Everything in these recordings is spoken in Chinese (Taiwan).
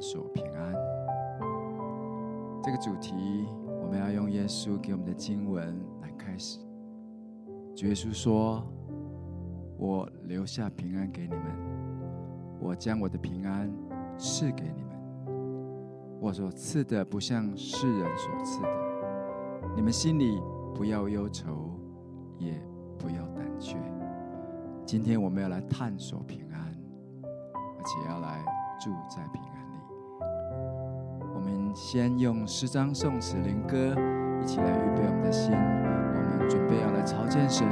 探索平安這個主題，我們要用耶穌給我們的經文來開始。主耶穌說：“我留下平安給你們，我將我的平安賜給你們。我所賜的不像世人所賜的。你們心裡不要憂愁，也不要膽怯。今天我們要來探索平安，而且要來住在平安。”先用詩章、頌詞、靈歌，一起來預備我們的心。我們準備要來朝見神。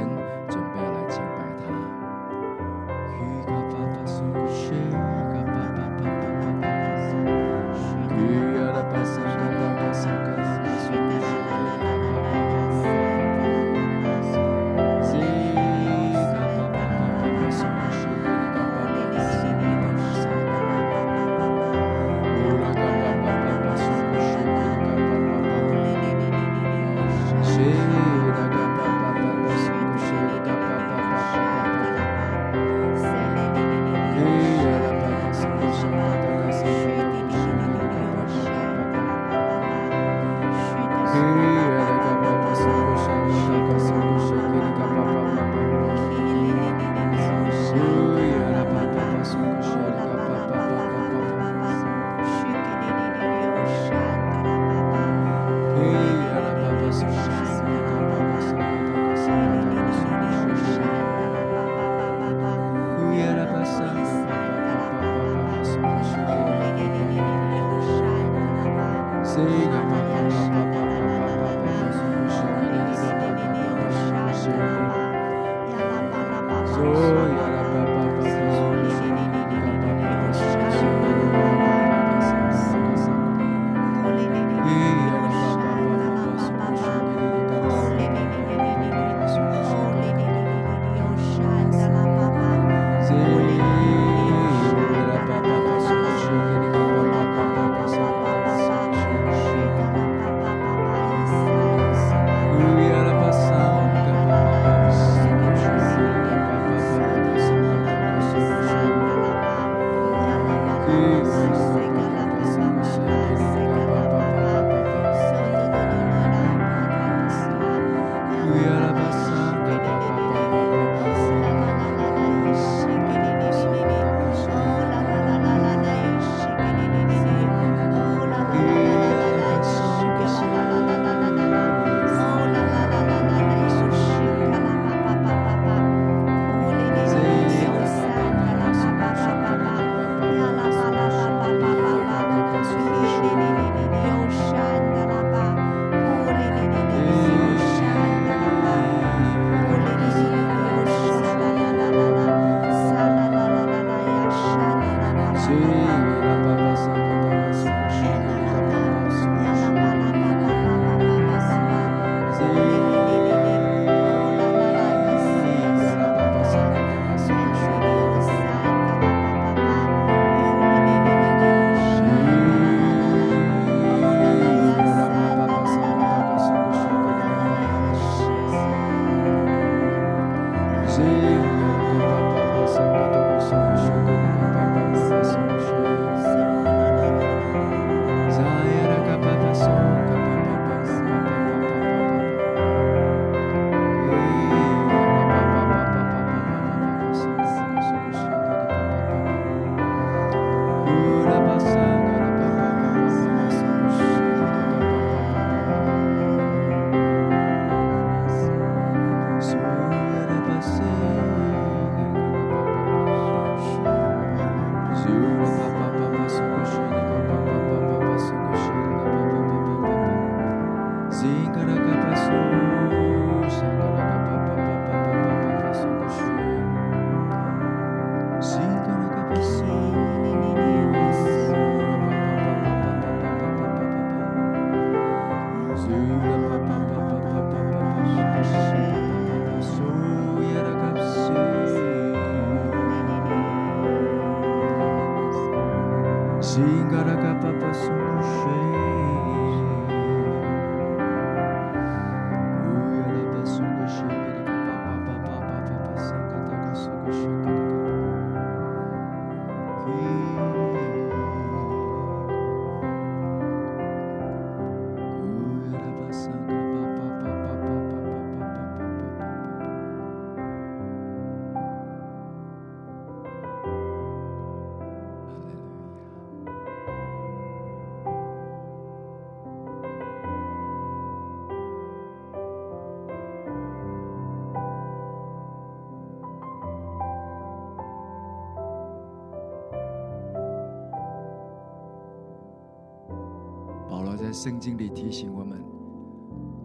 聖經裡提醒我們，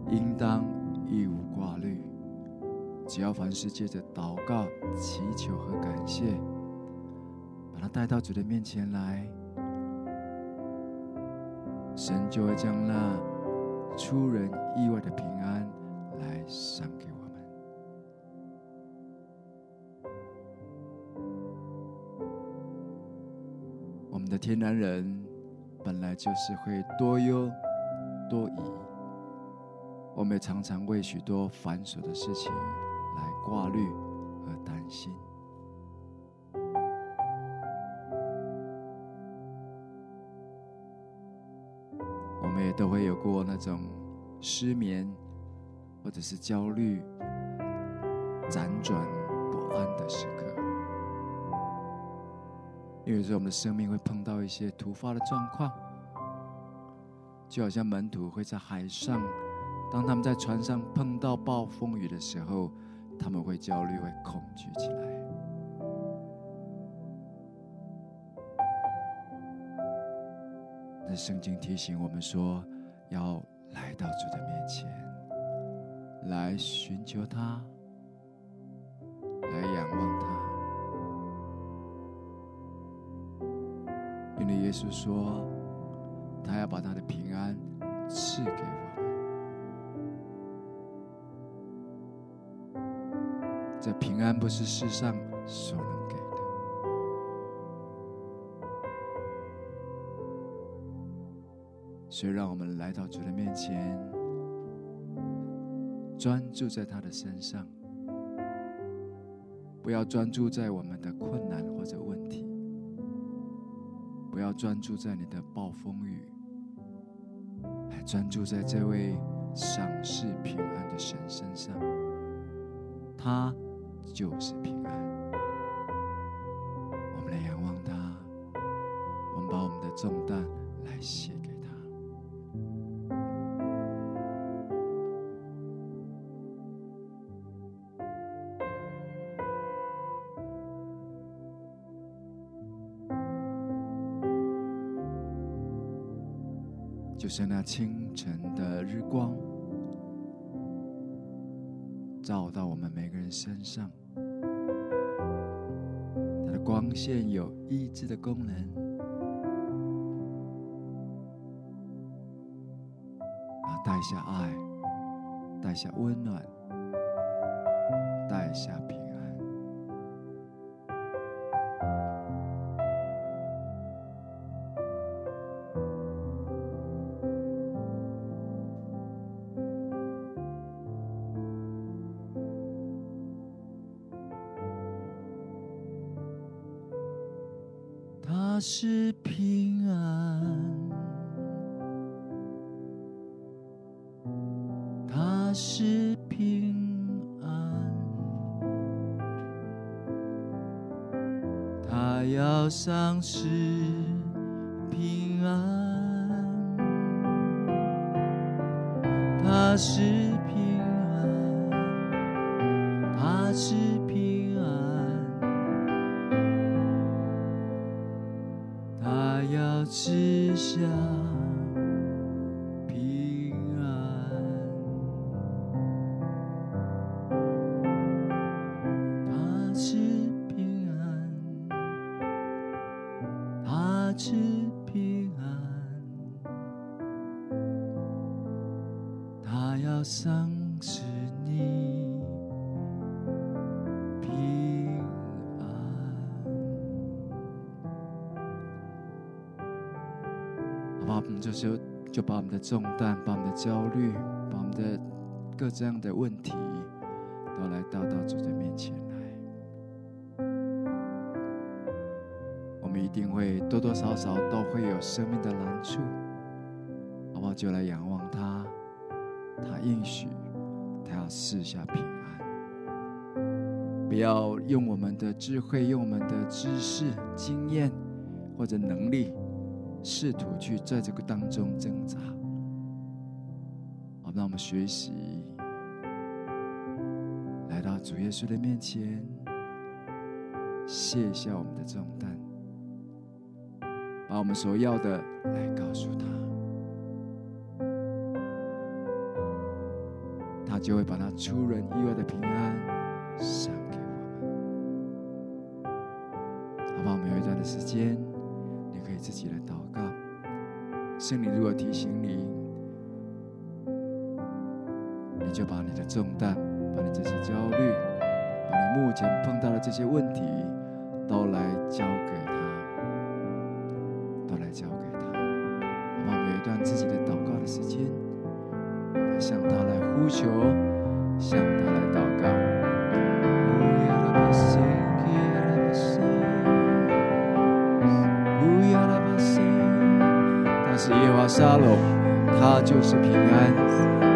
應當一無掛慮。只要凡事借着禱告、祈求和感謝，把它帶到主的面前來，神就會將那出人意外的平安來賞給我們。我們的天然人本來就是會多憂。多疑，我們也常常為許多繁瑣的事情來掛慮和擔心。我們也都會有過那種失眠或者是焦慮、輾轉不安的時刻，因為說我們的生命會碰到一些突發的狀況。就好像門徒會在海上，當他們在船上碰到暴風雨的時候，他們會焦慮、會恐懼起來。那聖經提醒我們說，要來到主的面前，來尋求他，來仰望他。因為耶穌說。他要把他的平安賜給我們。這平安不是世上所能給的。所以，讓我們來到主的面前，專注在他的身上，不要專注在我們的困難或者問題，不要專注在你的暴風雨。專注在這位賞賜平安的神身上，他就是平安。我們來仰望他，我們把我們的重擔來卸給他，就是那輕身上，它的光線有醫治的功能，啊，帶下愛，帶下溫暖，帶下平安。是平安，他是平安，他要喪失平安，他是。這樣的問題都來到到主的面前來，我們一定會多多少少都會有生命的難處，好不好？就來仰望他，他應許，他要賜下平安。不要用我們的智慧、用我們的知識、經驗或者能力，試圖去在這個當中掙扎。好，好，那我們學習。到主耶穌的面前卸下，我們的重擔，把我們所要的來告訴他，他就會把那出人意外的平安賞給我們。好吧，我們有一段的時間，你可以自己來禱告。聖靈如果提醒你，你就把你的重擔。把你這些焦慮，把你目前碰到的這些問題，都來交給他，都來交給他。我們有一段自己的禱告的時間，我向他來呼求，向他來禱告。哦耶和華，聖，耶和華聖，但是耶和華沙龍，他就是平安。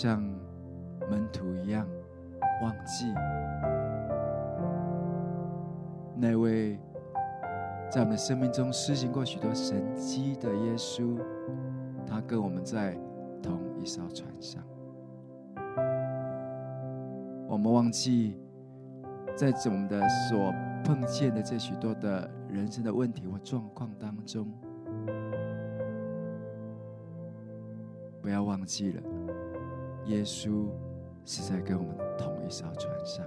像門徒一樣，忘記那位在我們的生命中施行過許多神蹟的耶穌，他跟我們在同一艘船上。我們忘記在我們的所碰見的這許多的人生的問題或狀況當中，不要忘記了。耶穌是在跟我們同一艘船上，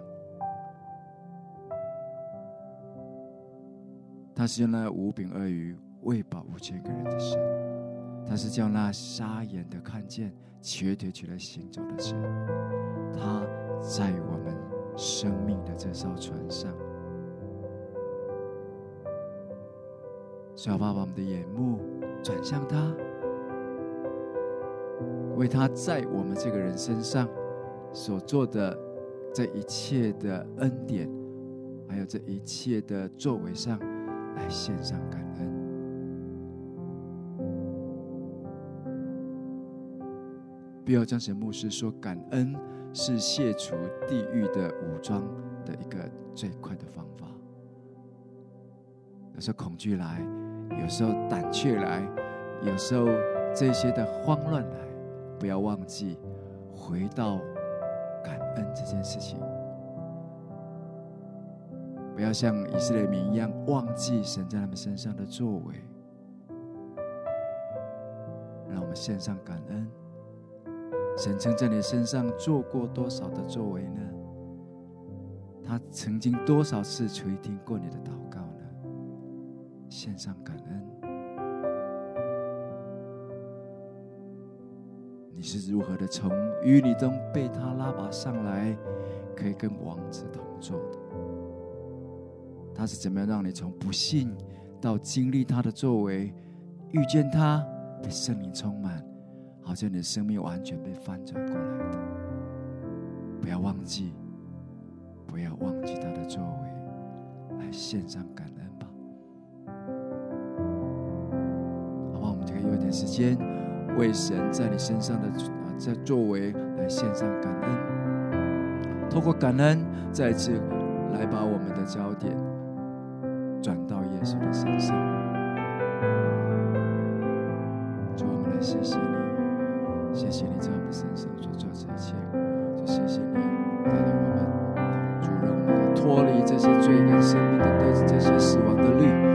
他是用那五餅二魚餵飽五千個人的神，他是叫那瞎眼的看見，瘸腿起來行走的神，他在我們生命的這艘船上，所以，好不好？把我們的眼目轉向他。為他在我們這個人身上所做的這一切的恩典，還有這一切的作為上，來獻上感恩。比爾·約翰遜牧師說，感恩是卸除地獄的武裝的一個最快的方法。有時候恐懼來，有時候膽怯來，有時候這些的慌亂來。不要忘記回到感恩這件事情。不要像以色列民一樣忘記神在他們身上的作為。讓我們獻上感恩。神曾在你身上做過多少的作為呢？他曾經多少次垂聽過你的禱告呢？獻上感恩。你是如何的從淤泥中被他拉拔上來，可以跟王子同坐的？他是怎麼樣讓你從不幸到經歷他的作為，遇見他，被生命充滿，好像你的生命完全被翻轉過來的？不要忘記，不要忘記他的作為，來獻上感恩吧。好吧，我們今天有點時間。為神在你身上的啊，在作為來獻上感恩，透過感恩再次來把我們的焦點轉到耶穌的身上。主，我們來謝謝你，謝謝你在我們身上所做這一切，就謝謝你帶領我們，主，讓我們脫離這些罪跟生命的，這些死亡的律。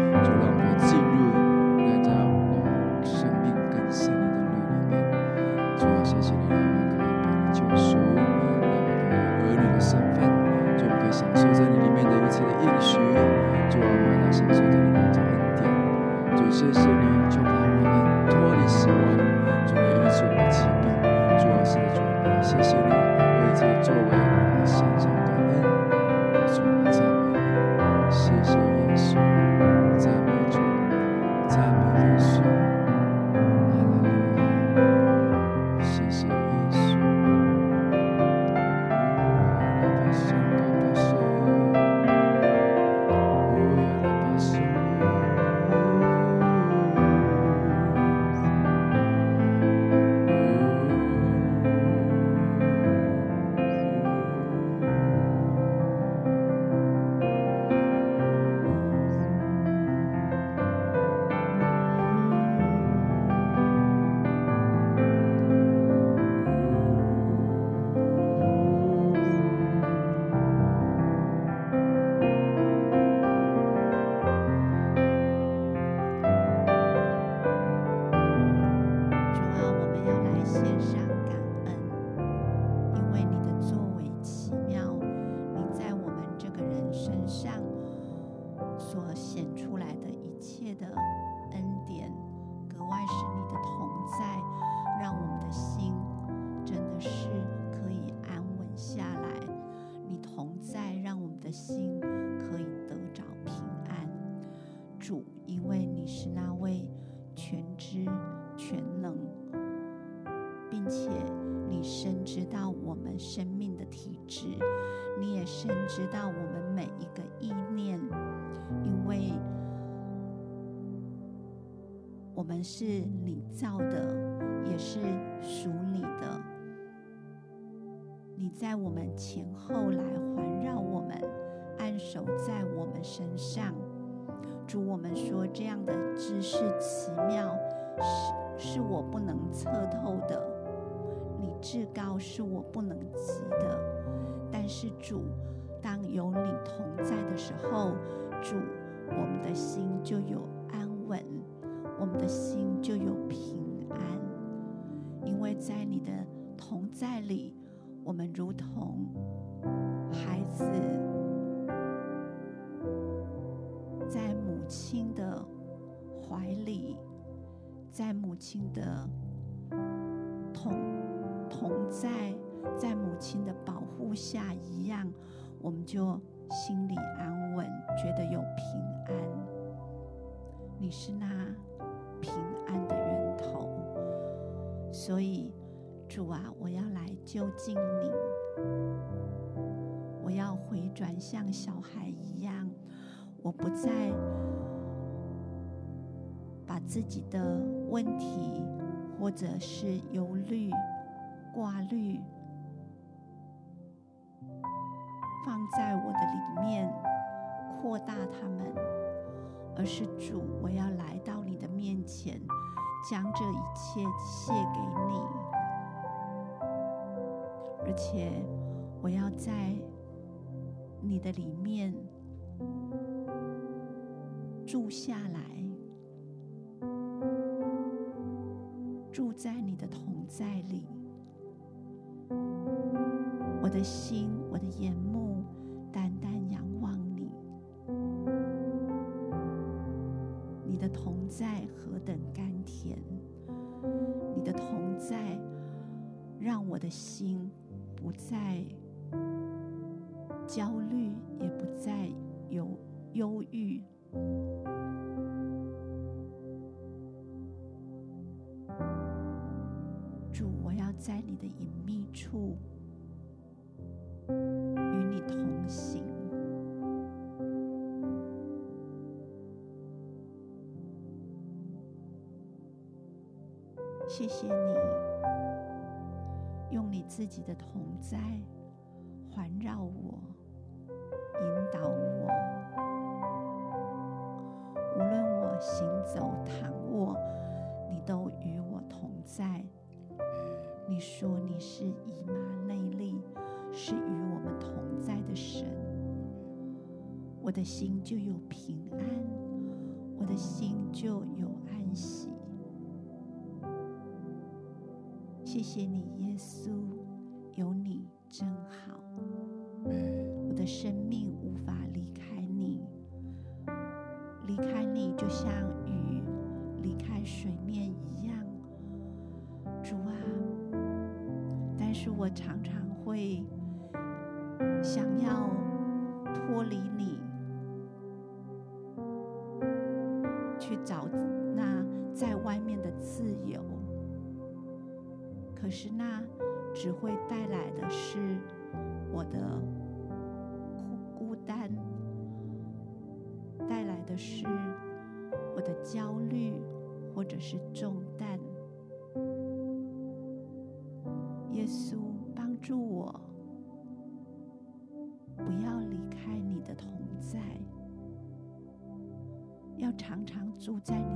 到我們每一個意念，因為我們是你造的，也是屬你的。你在我們前後來環繞我們，按手在我們身上。主，我們說這樣的知識奇妙，是是我不能測透的，你至高是我不能及的。但是主。當有你同在的時候，主，我們的心就有安穩，我們的心就有平安，因為在你的同在裡，我們如同孩子在母親的懷裡，在母親的同同在，在母親的保護下一樣。我們就心裡安穩，覺得有平安。你是那平安的源頭，所以主啊，我要來就近你，我要回轉像小孩一樣，我不再把自己的問題或者是憂慮掛慮。放在我的裡面，擴大他們，而是主，我要來到你的面前，將這一切獻給你，而且我要在你的裡面住下來，住在你的同在裡，我的心，我的眼目。心。你的同在環繞我，引導我。無論我行走、躺臥，你都與我同在。你說你是以馬內利，是與我們同在的神，我的心就有平安，我的心就有安息。謝謝你，耶穌。有你真好，我的生命無法離開你，離開你就像魚離開水面一樣，主啊！但是我常常會想要脫離你，去找那在外面的自由，可是那。只會帶來的是我的孤單，帶來的是我的焦慮或者是重擔。耶穌，幫助我不要離開你的同在，要常常住在你。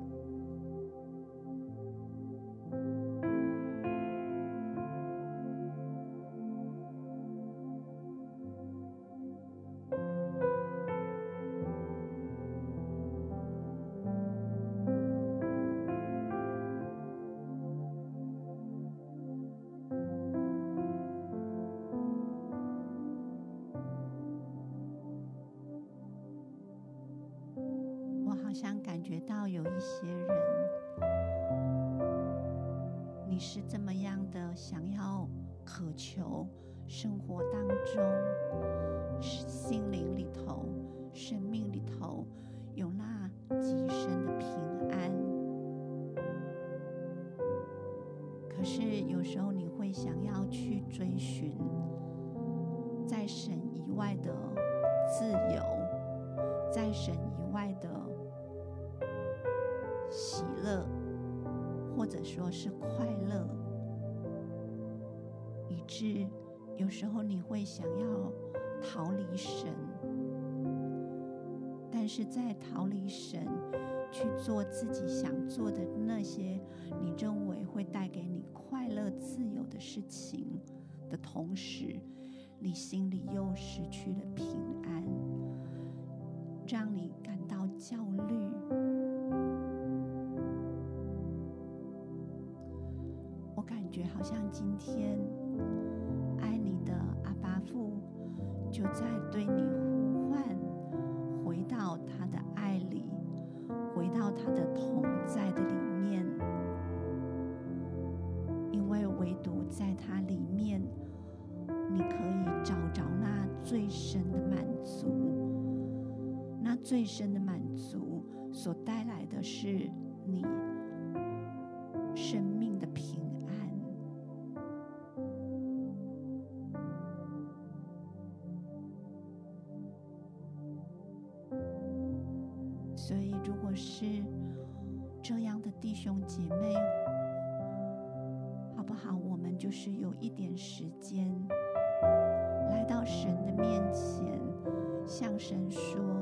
求生活當中、心靈裡頭、生命裡頭有那極深的平安。可是有時候你會想要去追尋，在神以外的自由，在神以外的喜樂，或者說是快樂。是有時候你會想要逃離神，但是在逃離神，去做自己想做的那些你認為會帶給你快樂、自由的事情的同時，你心裡又失去了平安，讓你感到焦慮。我感覺好像今天。愛你的阿爸父就在對你呼喚，回到他的愛裡，回到他的同在的裡面，因為唯獨在他裡面，你可以找着那最深的滿足，那最深的滿足所帶來的，是你。是這樣的，弟兄姐妹，好不好？我們就是有一點時間，來到神的面前，向神說。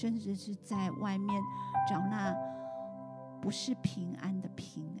甚至是在外面找那不是平安的平安。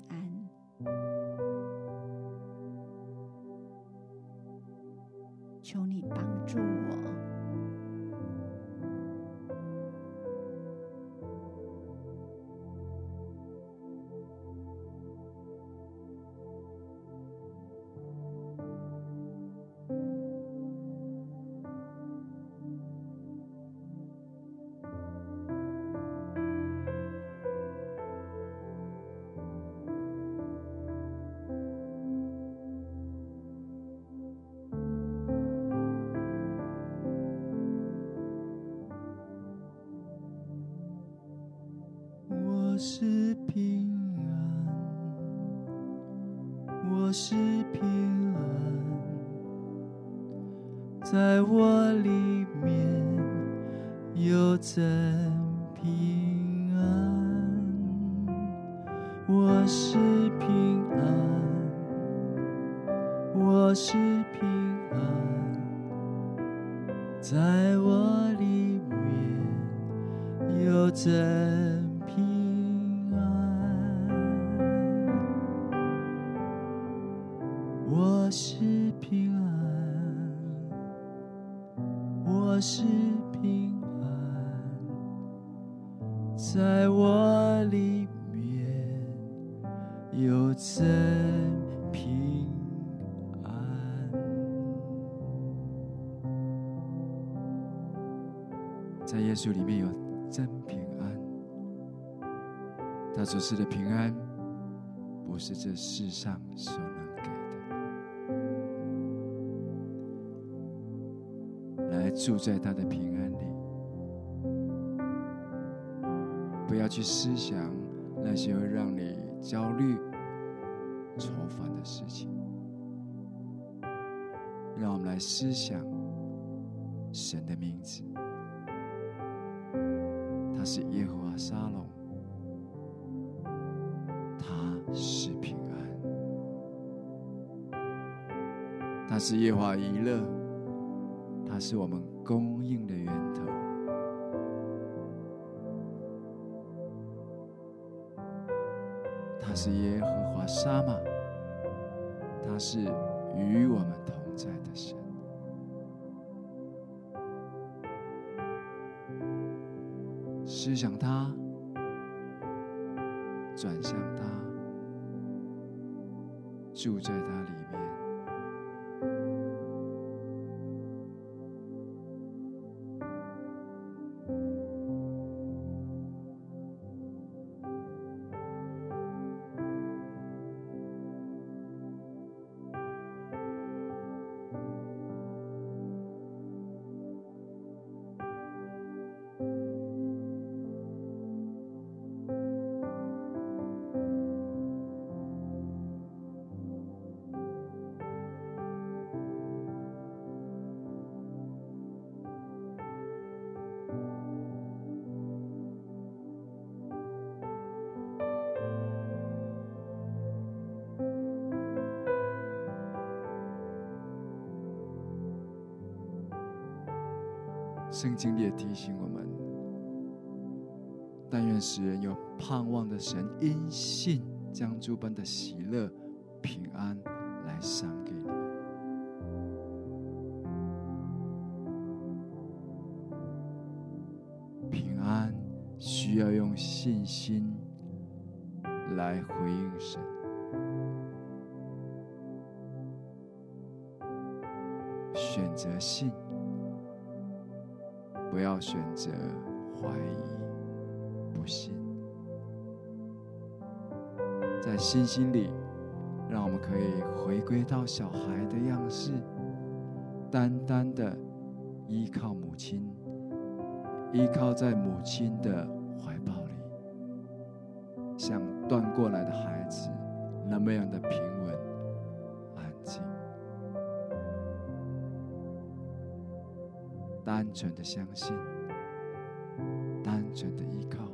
我是平安，在我裡面有真平安。在耶穌裡面有真平安。他所賜的平安，不是這世上所能。住在他的平安裡，不要去思想那些會讓你焦慮、愁煩的事情。讓我們來思想神的名字，他是耶和華沙龍，他是平安，他是耶和華以勒。是我們供應的源頭。他是耶和華沙馬，他是與我們同在的神。思想他，轉向他，住在他裡面。聖經裡也提醒我們：但願使人有盼望的神，因信將諸般的喜樂、平安來賞給你們，平安需要用信心來回應神，選擇信。不要選擇懷疑、不信，在信心裡，讓我們可以回歸到小孩的樣式，單單的依靠母親，依靠在母親的懷抱裡，像斷過來的孩子那麼樣的平。單純的相信，單純的依靠。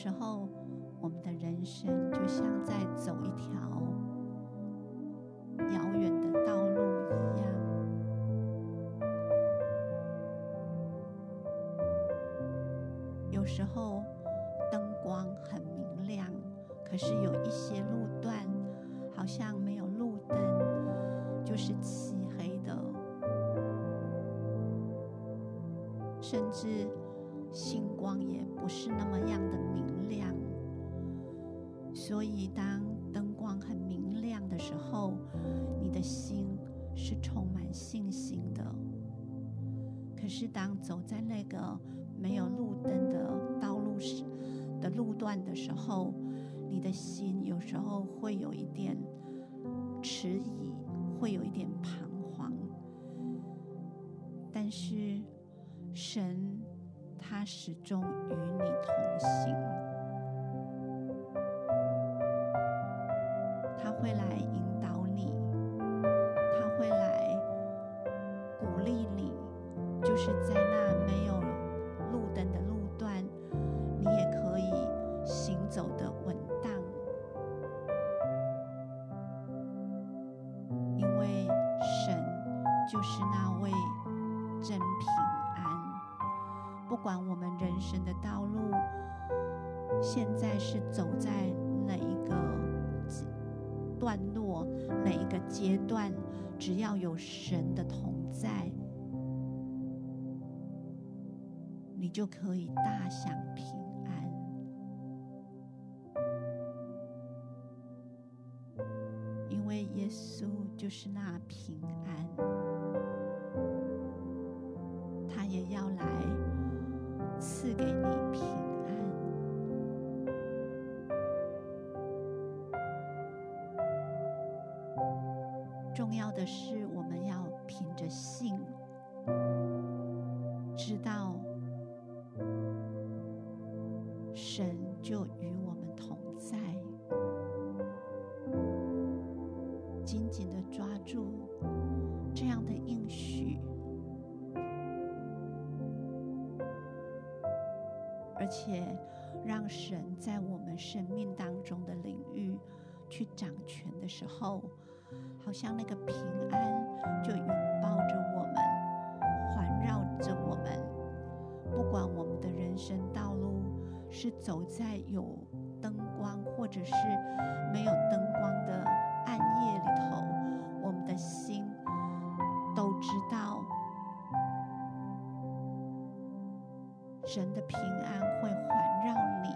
有時候，我們的人生就像在走一條遙遠的道路一樣。有時候燈光很明亮，可是有一些路段好像沒有路燈，就是漆黑的，甚至星光也不是那麼。的時候，你的心有時候會有一點遲疑，會有一點彷徨。但是神，神他始終與你同行，可以大享平安，因為耶穌就是那平安，他也要來賜給你平安。重要的是，我們要憑着信。就與我們同在，緊緊的抓住這樣的應許，而且讓神在我們生命當中的領域去掌權的時候，好像那個。走在有燈光或者是沒有燈光的暗夜裡頭，我們的心都知道，神的平安會環繞你，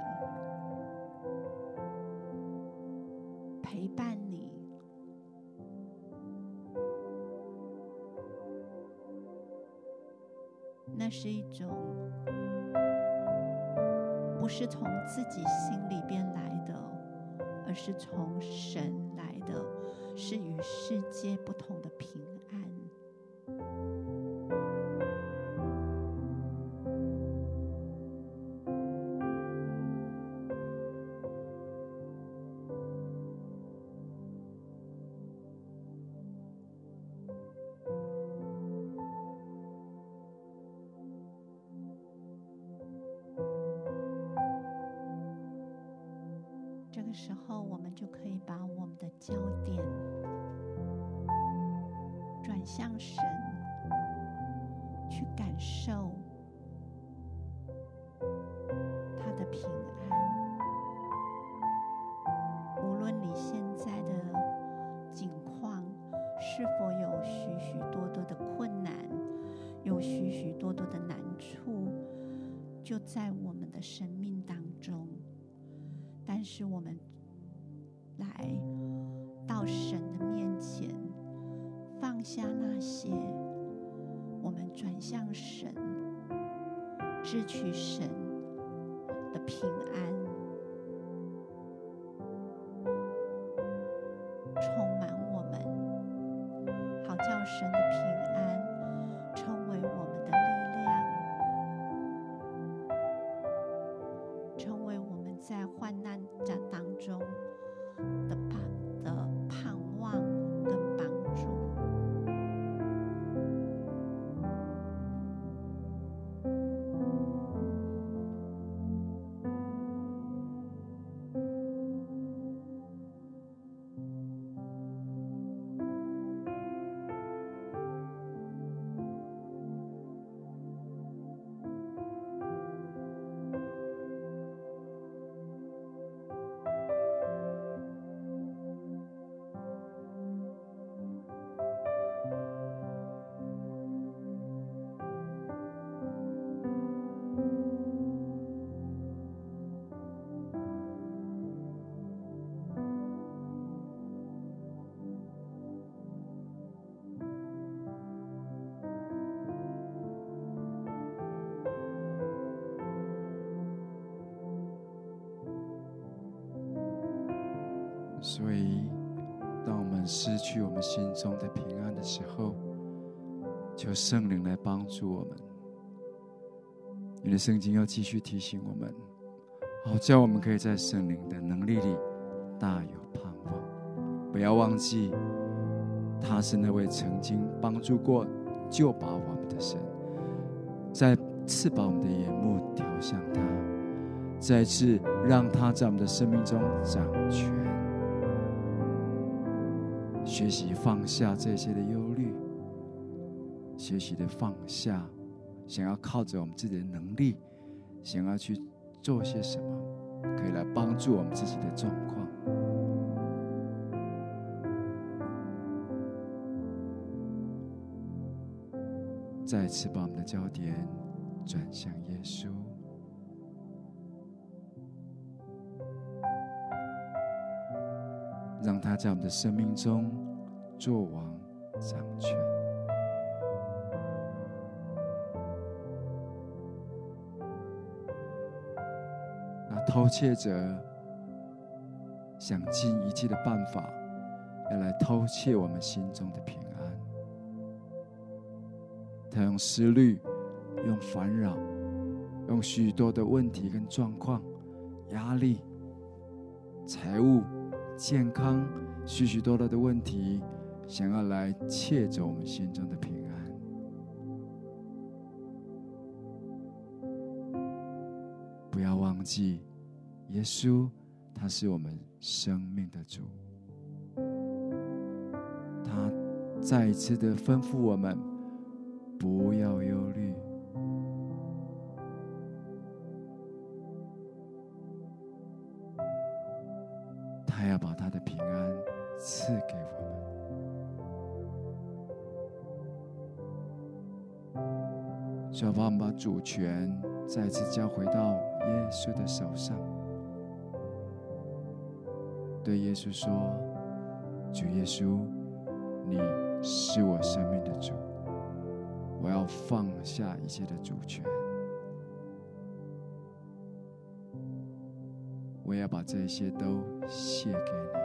陪伴你。那是一種。是從自己心裡邊來的，而是從神來的，是與世界不同的平安。時候，我們就可以把我們的焦點轉向神，去感受。所以，當我們失去我們心中的平安的時候，求聖靈來幫助我們。你的聖經要繼續提醒我們，好，這樣我們可以在聖靈的能力裡大有盼望。不要忘記，他是那位曾經幫助過救拔我們的神。再次把我們的眼目調向他，再次讓他在我們的生命中掌權。學習放下這些的憂慮，學習的放下，想要靠着我們自己的能力，想要去做些什麼，可以來幫助我們自己的狀況。再次把我們的焦點轉向耶穌。讓他在我們的生命中做王掌權。那偷竊者想盡一切的辦法，要來偷竊我們心中的平安。他用思慮，用煩擾，用許多的問題跟狀況、壓力、財務。健康，許許多多的問題，想要來竊走我們心中的平安。不要忘記，耶穌他是我們生命的主，他再一次的吩咐我們，不要憂慮。賜給我們，小方把主權再次交回到耶穌的手上，對耶穌說：“主耶穌，你是我生命的主，我要放下一切的主權，我要把這些都獻給你。”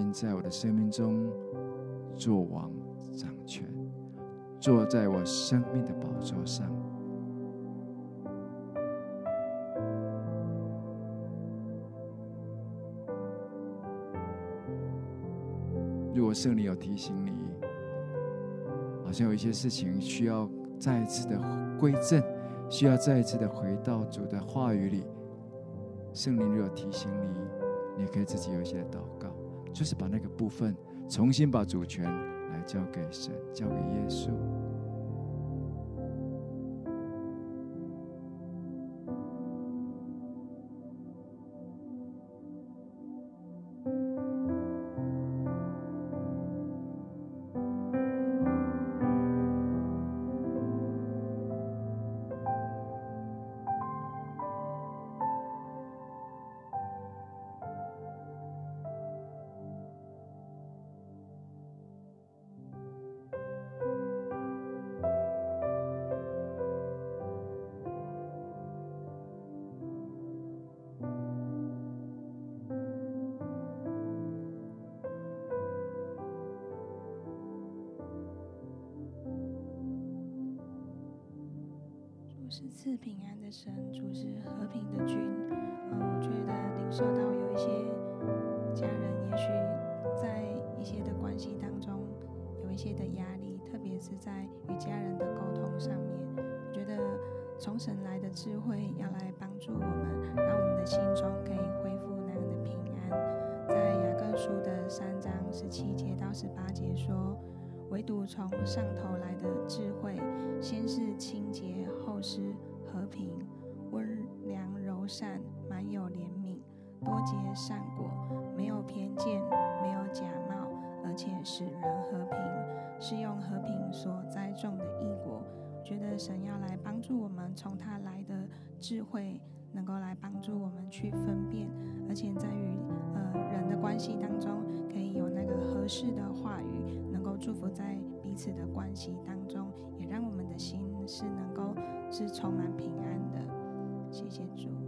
已在我的生命中做王掌權，坐在我生命的寶座上。如果聖靈有提醒你，好像有一些事情需要再一次的歸正，需要再一次的回到主的話語裡。聖靈若有提醒你，你可以自己有一些禱告。就是把那個部分重新把主權來交給神，交給耶穌。賜平安的神，主是和平的君，呃，我覺得領受到有一些家人，也許在一些的關係當中有一些的壓力，特別是在與家人的溝通上面。我覺得從神來的智慧要來幫助我們，讓我們的心中可以恢復那樣的平安。在雅各書的三章十七節到十八。唯獨從上頭來的智慧，先是清潔，後是和平，溫良柔善，滿有憐憫，多結善果，沒有偏見，沒有假冒，而且使人和平，是用和平所栽種的義果。覺得神要來幫助我們，從他來的智慧。能夠來幫助我們去分辨，而且在與，呃，人的關係當中，可以有那個合適的話語，能夠祝福在彼此的關係當中，也讓我們的心是能夠是充滿平安的。謝謝主。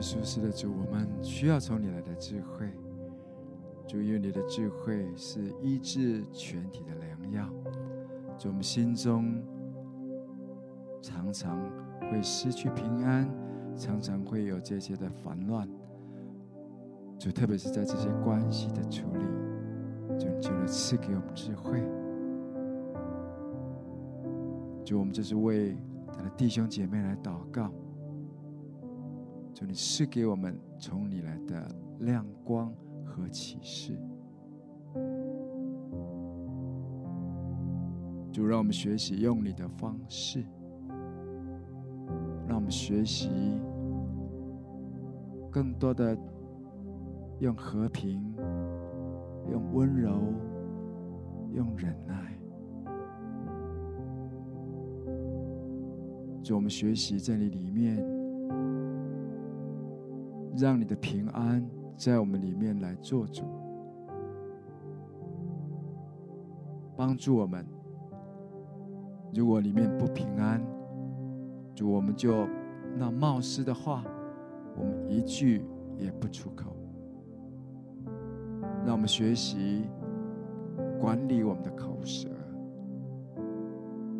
舒適的主，我們需要從你來的智慧。主，因為你的智慧是醫治全體的良藥。主，我們心中常常會失去平安，常常會有這些的煩亂。主，特別是在這些關係的處理，主求了賜給我們智慧。主，我們這是為他的弟兄姐妹來禱告。主，你是給我們從你來的亮光和啟示。主，讓我們學習用你的方式，讓我們學習更多的用和平、用溫柔、用忍耐。主，我們學習在你裡面。讓你的平安在我們裡面來做主，幫助我們。如果裡面不平安，就我們就那冒失的話，我們一句也不出口。讓我們學習管理我們的口舌，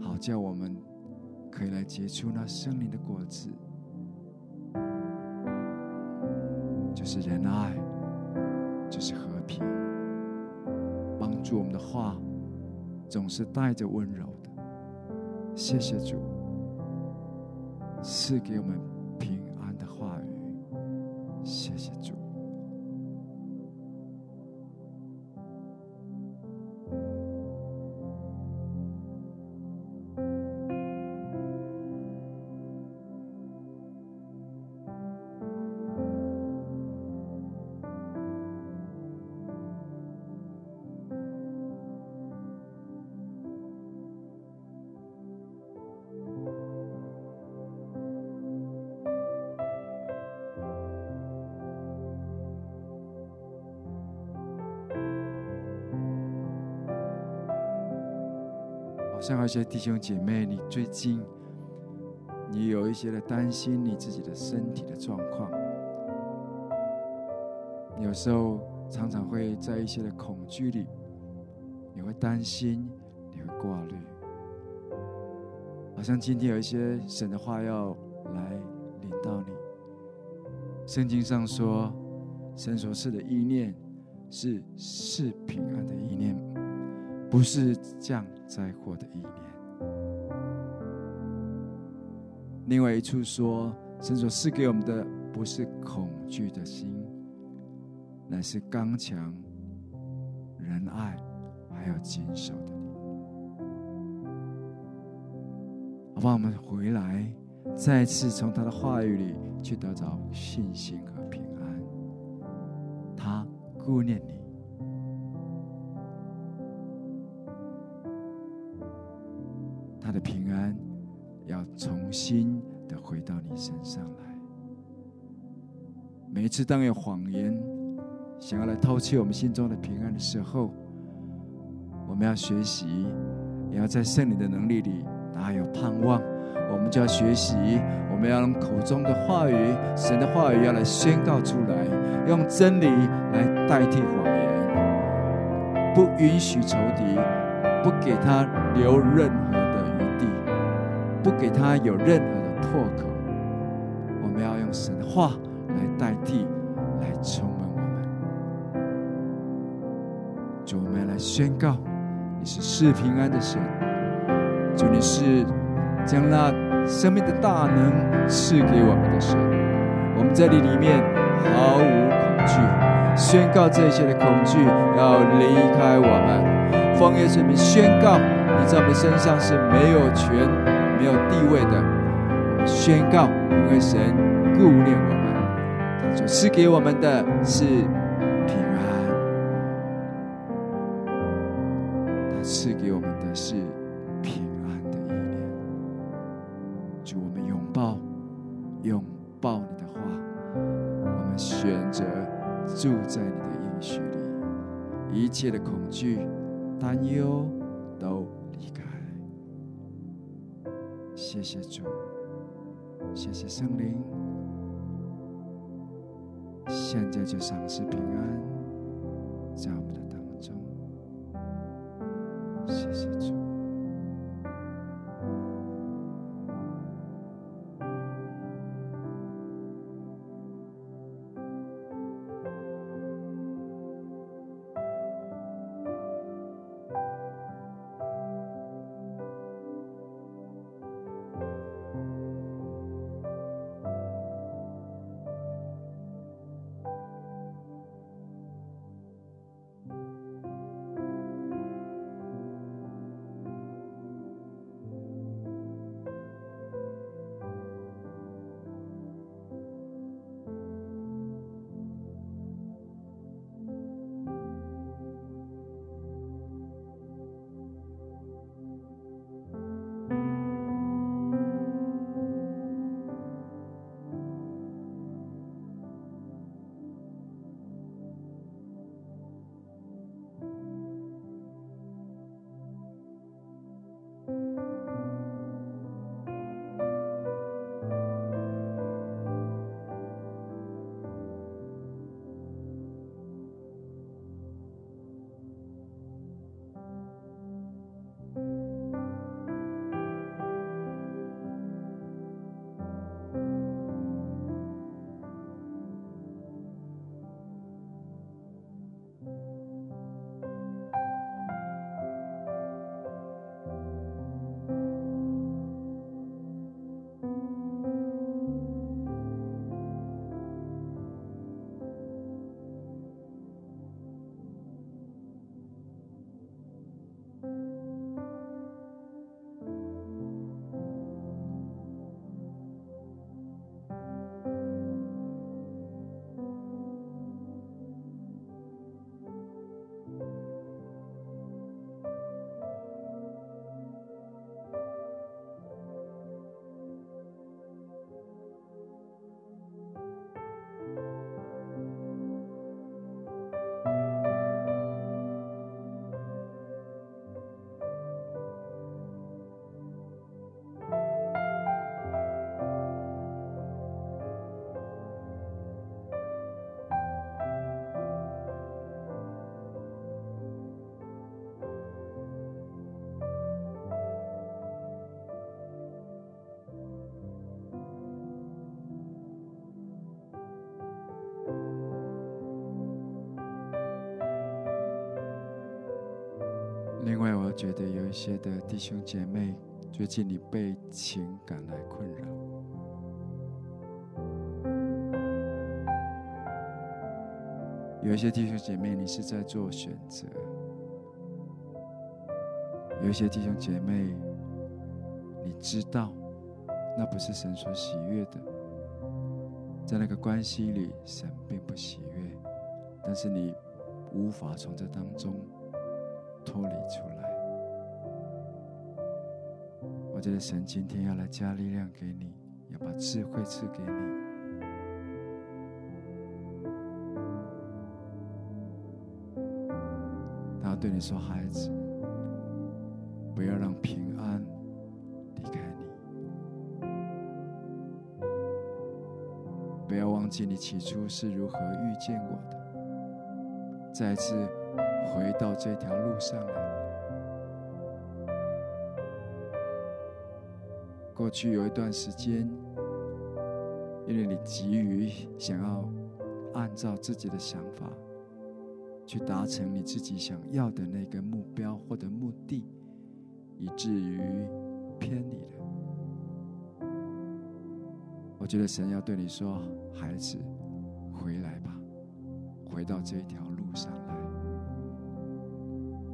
好叫我們可以來結出那聖靈的果子。是仁愛，就是和平。幫助我們的話，總是帶着溫柔的。謝謝主，賜給我們平。像那些弟兄姐妹，你最近你有一些的擔心，你自己的身體的狀況，有時候常常會在一些的恐懼裡，你會擔心，你會掛慮。好像今天有一些神的話要來臨到你。聖經上說，神所賜的意念是賜平安的意念。不是降災禍的意念。另外一處說，神所賜給我們的不是恐懼的心，乃是剛強、仁愛、還有謹守的。好吧，我們回來，再次從他的話語裡去得着信心和平安。他顧念你。是當有謊言想要來偷竊我們心中的平安的時候，我們要學習，也要在聖靈的能力裡，還有盼望。我們就要學習，我們要用口中的話語，神的話語要來宣告出來，用真理來代替謊言，不允許仇敵，不給他留任何的餘地，不給他有任何的破口。我們要用神的話來代替。宣告你是賜平安的神，主你是將那生命的大能賜給我們的神。我們這裡裡面毫無恐懼，宣告這一切的恐懼要離開我們。奉耶穌名宣告，你在我們身上是沒有權、沒有地位的。宣告，因為神顧念我們，所賜給我們的是。謝謝主，謝謝聖靈，現在就賞賜平安在我們的當中。謝謝主。覺得有一些的弟兄姐妹最近你被情感來困擾，有一些弟兄姐妹你是在做選擇，有一些弟兄姐妹你知道那不是神所喜悅的，在那個關係裡神並不喜悅，但是你無法從這當中脫離出來。我覺得神今天要來加力量給你，要把智慧賜給你。他要對你說：“孩子，不要讓平安離開你，不要忘記你起初是如何遇見我的，再次回到這條路上來。”過去有一段時間，因為你急於想要按照自己的想法去達成你自己想要的那個目標或者目的，以至於偏離了。我覺得神要對你說：“孩子，回來吧，回到這一條路上來。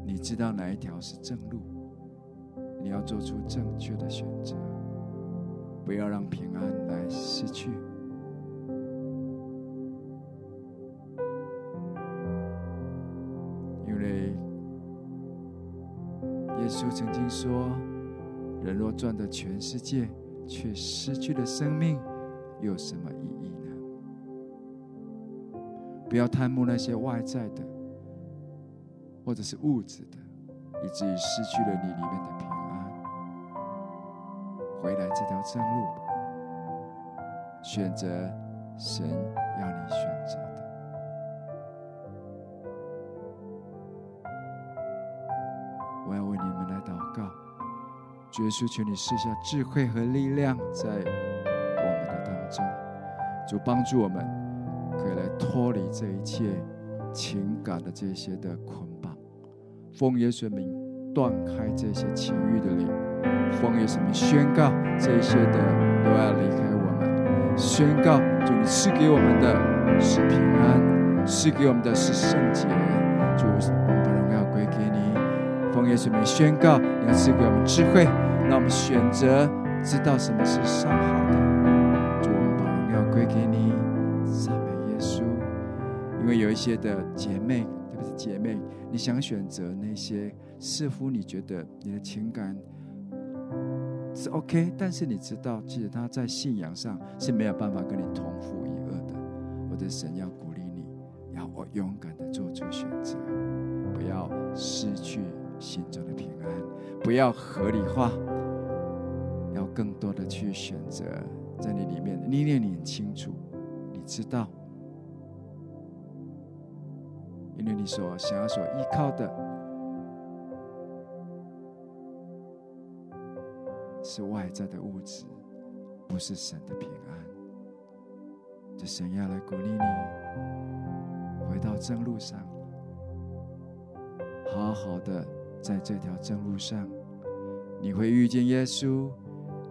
你知道哪一條是正路，你要做出正確的選擇。”不要讓平安來失去，因為耶穌曾經說：“人若賺得全世界，卻失去了生命，又有什麼意義呢？”不要貪慕那些外在的，或者是物質的，以至於失去了你裡面的。回來這條正路，選擇神要你選擇的。我要為你們來禱告，耶穌，求你賜下智慧和力量，在我們的當中，主幫助我們，可以來脫離這一切情感的這些的捆綁。奉耶穌名，斷開這些情欲的靈。奉耶穌名宣告，這些的都要離開我們。宣告，主你賜給我們的，是平安；賜給我們的是聖潔。主，我們把榮耀歸給你。奉耶穌名宣告，你要賜給我們智慧，讓我們選擇知道什麼是上好的。主，我們把榮耀歸給你。讚美耶穌，因為有一些的姐妹，特別是姐妹，你想選擇那些似乎你覺得你的情感，是 OK，但是你知道，其實他在信仰上是沒有辦法跟你同負一軛的。我的神要鼓勵你，要我勇敢的做出選擇，不要失去心中的平安，不要合理化，要更多的去選擇在你裡面。你念你很清楚，你知道，因為你所想要所依靠的。是外在的物質，不是神的平安。這神要來鼓勵你，回到正路上，好好的在這條正路上，你會遇見耶穌，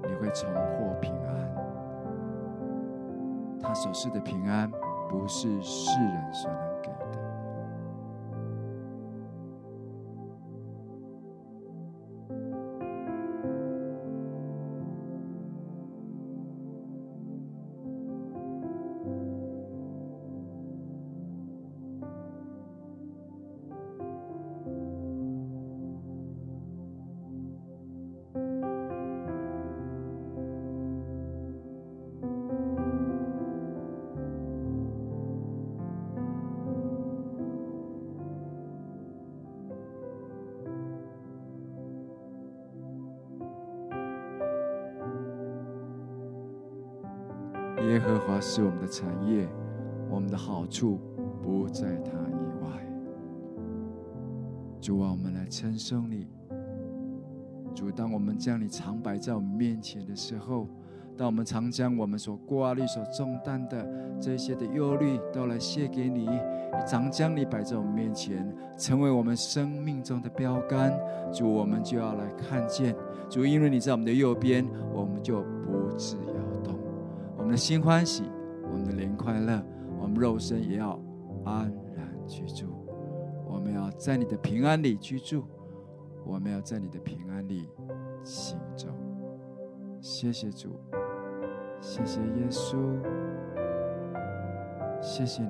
你會重獲平安。他所賜的平安，不是世人所能。是我們的產業，我們的好處不在他以外。主啊，我們來稱頌你。主，當我們將你常擺在我們面前的時候，當我們常將我們所掛慮、所重擔的這些的憂慮都來卸給你，你常將你擺在我們面前，成為我們生命中的標杆。主，我們就要來看見。主，因為你在我們的右邊，我們就不至搖動。我們的心歡喜。我們的靈快樂，我們肉身也要安然居住，我們要在你的平安裡居住，我們要在你的平安裡行走。謝謝主，謝謝耶穌，謝謝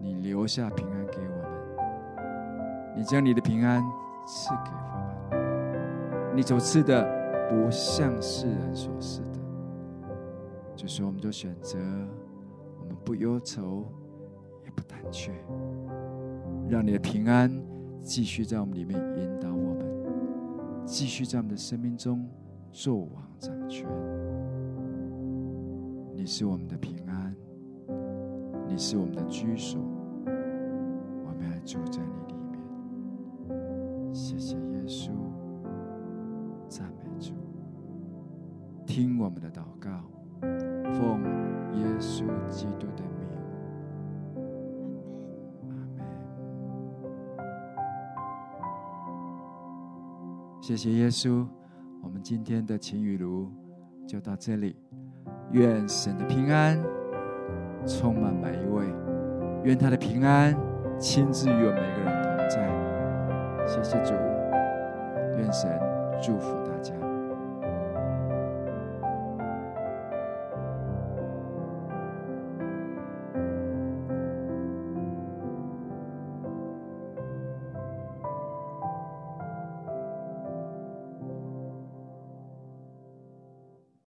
你，你留下平安給我們，你將你的平安賜給我們，你所賜的不像世人所賜。就是，我們就選擇，我們不憂愁，也不膽怯，讓你的平安繼續在我們裡面引導我們，繼續在我們的生命中做王掌權。你是我們的平安，你是我們的居所，我們還住在你裡面。謝謝耶穌，讚美主，聽我們的禱告。謝謝耶穌，我們今天的情雨如就到這裡。願神的平安充滿每一位，願他的平安親自與我們每個人同在。謝謝主，願神祝福大家。